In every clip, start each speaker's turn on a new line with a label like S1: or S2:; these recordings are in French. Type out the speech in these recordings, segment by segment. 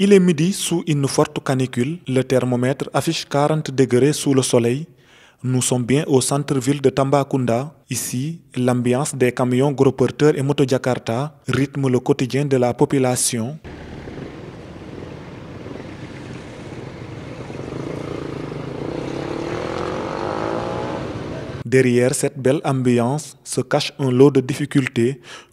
S1: Il est midi sous une forte canicule, le thermomètre affiche 40 degrés sous le soleil. Nous sommes bien au centre-ville de Tambacounda. Ici, l'ambiance des camions gros porteurs et moto Jakarta rythme le quotidien de la population. Derrière cette belle ambiance se cache un lot de difficultés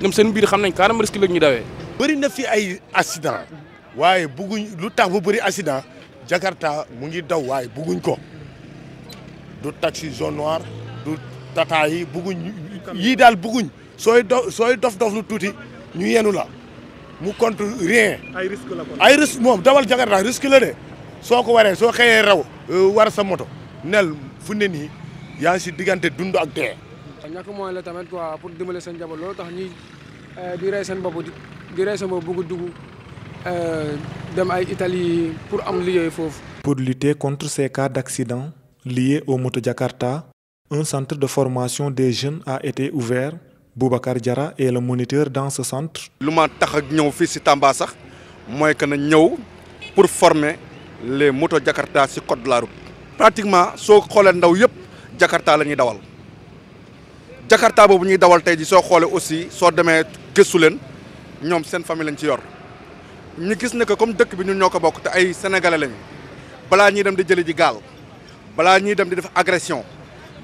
S2: ñoom seen biir xam nañ carrément risque la ñu dawee. bëri na fi ay accident waaye bugguñ lu tax bu bëri accident Jakarta mu ngi daw waaye bugguñ ko du taxi jaune noir du tata yi bugguñ yii daal bugguñ sooy do sooy dof-dof lu tuuti ñu yenu la mu compte rien. ay risque la moom dawal Jakarta risque la de soo ko waree soo xëyee raw euh, war sa moto nel fu ne nii yaa ngi si diggante dund ak dee.
S3: ñàkk moyen la tamit quoi pour dimbale seen njaboot loolu tax ñuy euh, di rey seen bopp di rey seen bopp bugg dugg euh, dem ay Italie pour am liggéey foofu.
S1: pour lutter contre ces cas d'accident liés aux moto Jakarta un centre de formation des jeunes a été ouvert Boubacar jara est le moniteur dans ce centre.
S2: lu ma tax ak ñëw fii ci Tamba sax mooy que na ñëw pour former les moto Jakarta ci code de la route pratiquement soo xoolee ndaw yépp Jakarta la ñuy dawal. Jakarta bobu ñuy dawal tay ji so xolé aussi so demee gëstu leen ñom seen famille lañ ci yor ñu gis ne que comme dëkk bi ñun ñoko ko bokk te ay sénégalais lañ bala ñi dem di jël ji gal bala ñi dem di def agression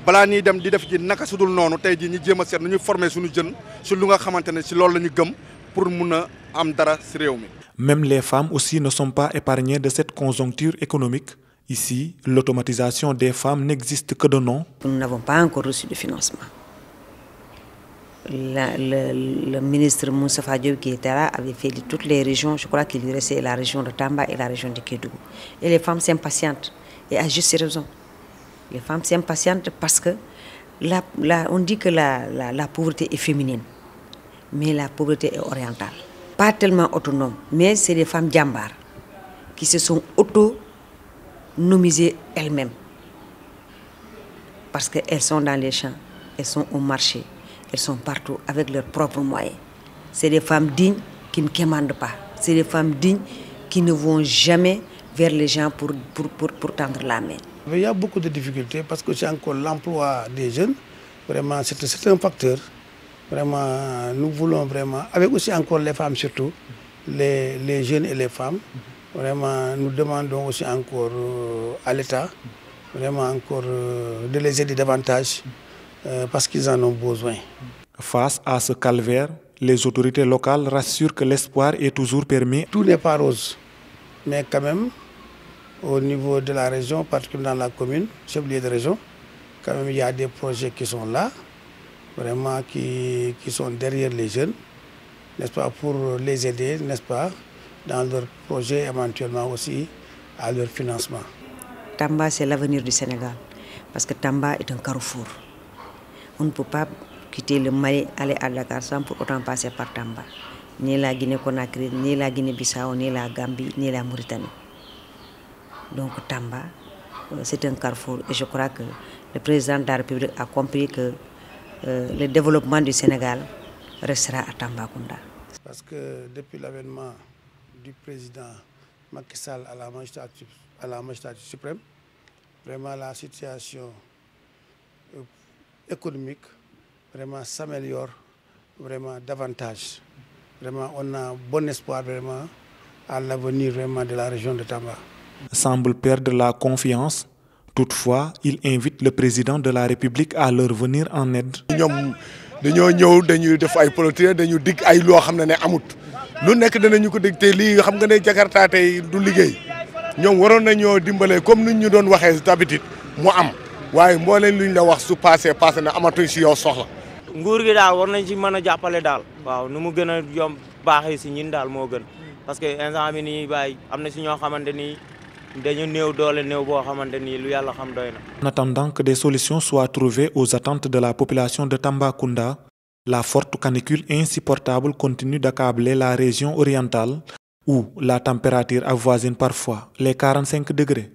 S2: bala ñi dem di def ji naka sudul noonu tey ji ñi jëma sét seet former suñu jën si lu nga xamantene ci loolu lañu gëm pour mëna am
S4: dara ci réew mi.
S1: Même les femmes aussi ne sont pas épargnées de cette conjoncture économique. Ici, l'automatisation des femmes n'existe que de nom. Nous n'avons pas encore reçu de
S4: financement le, ministre Moussa Diop qui était là avait fait de toutes les régions, je crois qu'il lui restait la région de Tamba et la région de Kédougou. Et les femmes s'impatientent, et à juste raison. Les femmes s'impatientent parce que la, on dit que la, pauvreté est féminine, mais la pauvreté est orientale. Pas tellement autonome, mais c'est les femmes djambars qui se sont autonomisées elles-mêmes parce qu'elles sont dans les champs, elles sont au marché, sont partout avec leurs propres moyens. C'est des femmes dignes qui ne commandent pas. C'est des femmes dignes qui ne vont jamais vers les gens pour, pour, tendre la main.
S3: il y a beaucoup de difficultés parce que c'est encore l'emploi des jeunes. Vraiment, c'est un facteur. Vraiment, nous voulons vraiment, avec aussi encore les femmes surtout, les, jeunes et les femmes, vraiment, nous demandons aussi encore euh, à l'État, vraiment encore euh, de les aider davantage. Euh, parce qu'ils en ont besoin.
S1: Face à ce calvaire, les autorités locales rassurent que l'espoir est toujours permis. Tout n'est pas rose,
S3: mais quand même, au niveau de la région, particulièrement dans la commune, chef-lieu de région, quand même, il y a des projets qui sont là, vraiment qui, qui sont derrière les jeunes, n'est-ce pas, pour les aider, n'est-ce pas, dans leurs projets, éventuellement aussi à leur financement.
S4: Tamba, c'est l'avenir du Sénégal, parce que Tamba est un carrefour on ne peut pas quitter le Mali, aller à Dakar sans pour autant passer par Tamba, ni la Guinée-Conakry, ni la Guinée-Bissau, ni la Gambie, ni la Mauritanie. Donc Tamba, euh, c'est un carrefour et je crois que le président de la République a compris que euh, le développement du Sénégal restera à Tamba Kunda.
S3: Parce que depuis l'avènement du président Macky Sall à la magistrature, à la magistrature suprême, vraiment la situation euh, économique vraiment s'améliore vraiment davantage. Vraiment, on a bon espoir vraiment à l'avenir vraiment de la région de Tamba.
S1: Semble perdre la confiance. Toutefois, il invite le président de la République à leur venir en aide
S2: waaye mbooleen luñ la wax su passé passé na amatuñ si yow soxla.
S3: nguur gi daal war nañ ci mën a jàppale daal. waaw nu mu gën a yomb baaxee si ñin daal moo gën. parce que instant bi nii bàyyi am na si ñoo xamante ni dañu néew doole néew boo xamante lu yàlla xam doy na.
S1: en attendant que des solutions soient trouvées aux attentes de la population de Tambacounda. La forte canicule insupportable continue d'accabler la région orientale où la température avoisine parfois les 45 degrés.